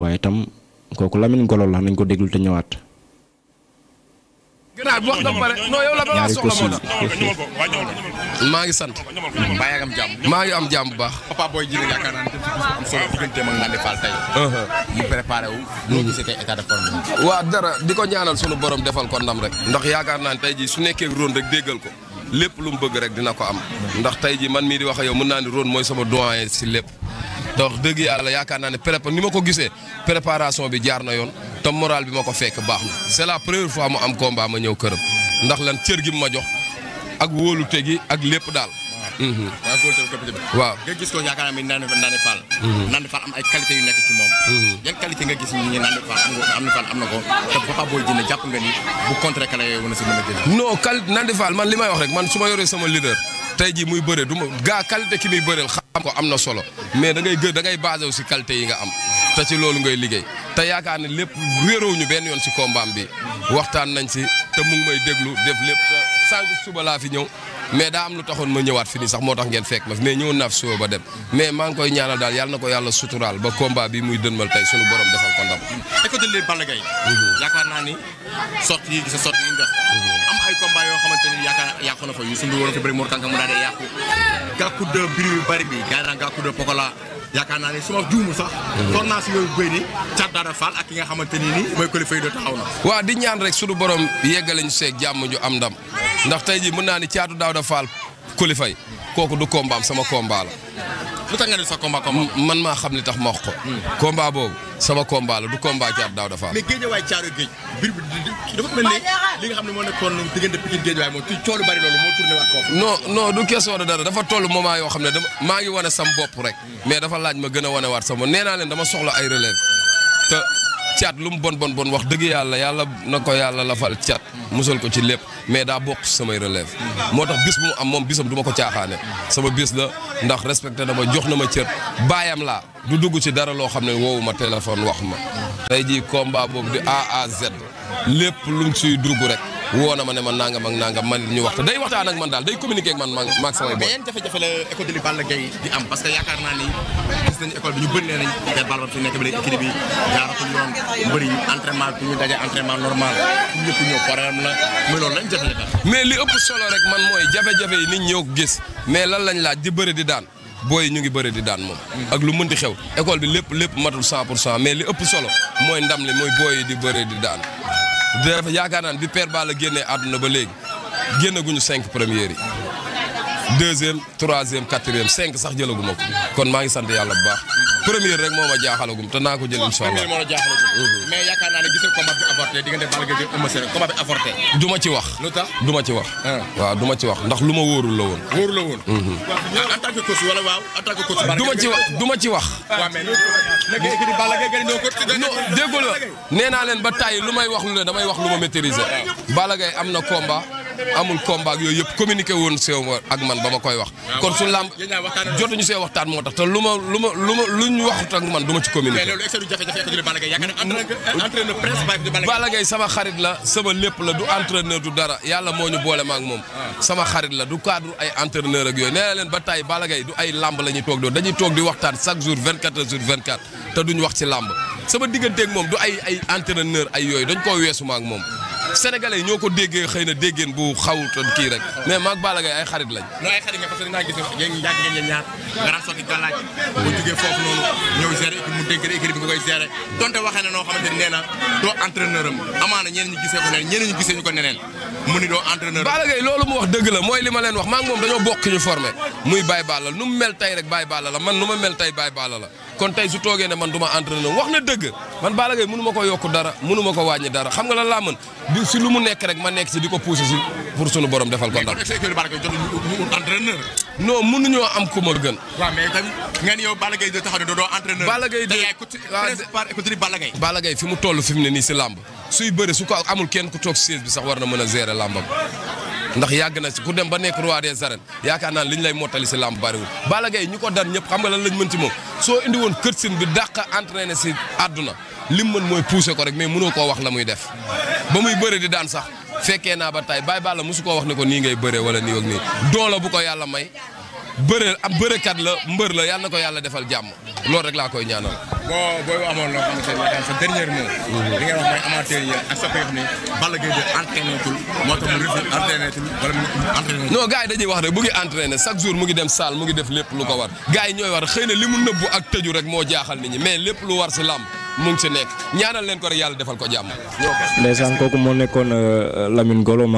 waaye tam kooku Lamine Golo la nañ ko déglu te ñëwaat. gannaaw maa ngi sant. mbaa yaa ngi am jàmm. maa ngi am jàmm bu baax. booy jëlee yaakaar naa ne tamit su am solo digganteem ak Ndande Fall mu uh-huh. gisee tey état de forme waa dara di ko ñaanal sunu borom defal ko ndam rek. ndax yaakaar naa ne tey jii su nekkee ron rek déggal ko lépp lum bëgg rek dina ko am. ndax tey jii man mii di wax yow mën naa ni ron mooy sama doyen si lépp. te wax dëgg yàlla yaakaar naa ne prépa ni ma ko gisee préparation bi jaar na yoon te moral bi ma ko fekk baax na c'est la première fois mu am combat ma ñëw këram ndax lan cër gi ma jox ak wóolute gi ak lépp daal. waaw mhm. nga gis ko yaakaar naa ne Nande Nande Fall. Mhm. Nande Fall am ay qualité yu nekk ci moom. Mhm. yan qualité nga gis ñu ne Nande Fall am na ni bu contrer kala yooyu mën na si man li may wax rek man su ma yoree sama leader tey jii muy bëre du ma gaa qualité ki muy bëreel. am ko am na solo mais da ngay gë da ngay basé wu si yi nga am te ci loolu ngay liggéey te yaakaar ne lépp réeroo ñu benn yoon si kombaam bi waxtaan nañ si te mu ngi may déglu def lépp sànq suba laa fi ñëw mais daa am lu taxoon ma ñëwaat fi nii sax moo tax ngeen fekk ma fi mais ñëwoon naa fi suba ba dem mais maa koy ñaanal daal yàlla na ko yàlla suturaal ba combat bi muy dënmal tey sunu borom defal ko ndam. tey ko jëlee yaakaar naa ni sotti yi gis nga mhm. na fa yu gàkku de biri yu bëri bi gars yi naan gàkku de yaakaar naa ne su ma juumul sax. Mhm. toog naa si yooyu béy ni Thiat Daara Fall ak ki nga xamante ni nii mooy kilifa yi de taxaw na. waaw di ñaan rek suñu borom yeggale ñu seeg jàmm ju am ndam ndax tey jii mën naa ni Thiatou Daouda Fall kilifa yi kooku du kombaam sama komba lu tax nga ne sa combat combat. man maa xam ne tax ma wax ko. Hmm. combat boobu sama combat la du combat ci daaw dafa am. mais géejawaay caaru géej biir bi dafa mel ni li nga xam ne moo nekkoon diggante Pikine géejawaay bari loolu moo tourné waat foofu. non non du question de dara dafa toll yoo xam ne dama maa ngi wane sam bopp rek. Hmm. mais dafa laaj ma gën a wane waat sama nee naa leen dama soxla ay relève caat lu mu bon bon bon wax dëgg yàlla yàlla na ko yàlla lafal caat musal ko ci lépp mais daa bokk samay relève moo tax bis bu mu am moom bisam du ma ko caaxaane sama bis la ndax respecté na ma jox na ma cër baayam laa du dugg si dara loo xam ne woowu ma téléphone wax ma tey jii combat boobu di A à lépp lu mu ciy dugg rek woo na ma ne ma nangam ak nangam man ñu waxta day waxtaan daal day communiquer man ma maag samay boy. mais yan jafe-jafe la école de am parce que yaakaar naa ni gis nañu ñu bëri nee nañ te Balla fi nekk bi léegi équipe bi daje entraînement normal ñëpp ñëw problème la mais loolu lañ jafe mais li ëpp solo rek man mooy jafe-jafe yi nit ñoo gis mais lan lañ laaj di bëri di daan. booy ñu ngi bëri di daan moom ak lu mënti xew école bi lépp lépp matul 100 pour cent mais li ëpp solo mooy ndam li mooy booy di bëri di daan dafa yaakaar naan bi Père Balla génnee àdduna ba léegi génnaguñu cinq premières yi deuxième troisième quatrième cinq sax jëlaguma ko kon maa ngi sant yàlla bu baax. première rek moo ma jaaxalagum te naa ko jël incha allah moo la jaaxalagum. mais yaakaar naa ne gis nga combat bi avorté diggante Balla Gaye Eumeu Sène combat bi avorté. du ma ci wax. lu tax du ma ci wax. Ah. waaw du ma ci wax ndax lu ma wóorul la woon. wóorul la woon. en tant que coach wala waaw en tant que coach. du ma ci wax du ma ci wax. waaw mais non déggoo la nee naa leen ba tàyyi lu may wax lu ne damay wax lu ma maîtriser. Balla Gaye am na combat. amul combat ak yooyu yëpp communiqué woon sew ak man ba ma koy wax. Ah, kon su làmb jotuñu see waxtaan moo tax te lu ma lu ma lu ma luñ waxut ak man du ma ci communiqué. mais loolu Balla Gaye sama xarit la sama lépp la du entraîneur du dara yàlla moo ñu boole ma ak moom. Ah. sama xarit la du cadre ay entraîneur ak yooyu nee leen ba tey Balla Gaye du ay làmb la ñuy toog dañuy toog di waxtaan chaque jour 24 heures sur 24 te duñu wax si làmb sama digganteeg moom du ay ay entraîneur ay yooyu dañ koo weesu ak moom sénégalais yi ñoo ko déggee xëy na déggeen bu xawutoon kii rek mais maag Balla ay xarit lañ. non ay xarit nga parce que dinaa gis yéen ñaar ngeen ñaar nga daan sotti galaaj bu jógee foofu noonu ñëw gérer mu dégg équipe bi koy gérer donte waxee na noo xamante ne nee na doo entraîneur am amaana ñeneen ñu gisee ko neneen ñeneen ñu gisee ñu ko neneen mu ni doo entraîneur Balla loolu mu wax dëgg la mooy li ma leen wax maa ngi moom dañoo bokk ñu formé muy Baye Balla nu mu mel tey rek Baye Balla la man nu ma mel tey Baye Balla la kon tey su toogee ne man du ma entraîneur wax na dëgg man Balla Gaye mënu ma ko yokk dara mënu ma ko wàññi dara xam nga lan laa mën di si mu nekk rek ma nekk di ko poussé si pour sunu borom defal ko ndam. non mënuñoo am ku ma gën. waaw mais tamit yow Balla Gaye taxaw ne doo entraîneur. Balla Gaye de Balla Gaye fi mu toll fi mu ne nii si làmb suy bëre su ko amul kenn ku toog siège bi sax war na mën a gérer làmbam. ndax yàgg na si ku dem ba nekk roi des arènes yaakaar naa liñ lay mottali si làmb bariwul Balla Gaye ñu ko dar ñëpp xam nga lan lañ mën ci moom soo indiwoon woon bi dàq entraîné si àdduna lim mën mooy pousser ko rek mais mënoo koo wax la muy def ba muy bëre di daan sax fekkee naa ba tay baa bàlla mosu koo wax ne ko nii ngay bëree wala nii ak nii doole bu ko yàlla may bëre am bërekat la mbër la yàlla na ko yàlla defal jàmm loolu rek laa koy ñaanal. boo booy amoon loo xamante ne mm-hmm. wax ne Balla Gaye de entraîné tul moo tax rek mu ngi chaque jour mu ngi dem salle mu ngi def lépp lu ko war. gars yi ñooy war xëy na li mu nëbbu ak tëju rek moo jaaxal nit ñi mais lépp lu war si làmb mu ngi si nekk ñaanal leen ko rek yàlla defal ko jàmm. ndeysaan kooku moo nekkoon euh, Lamine Golo.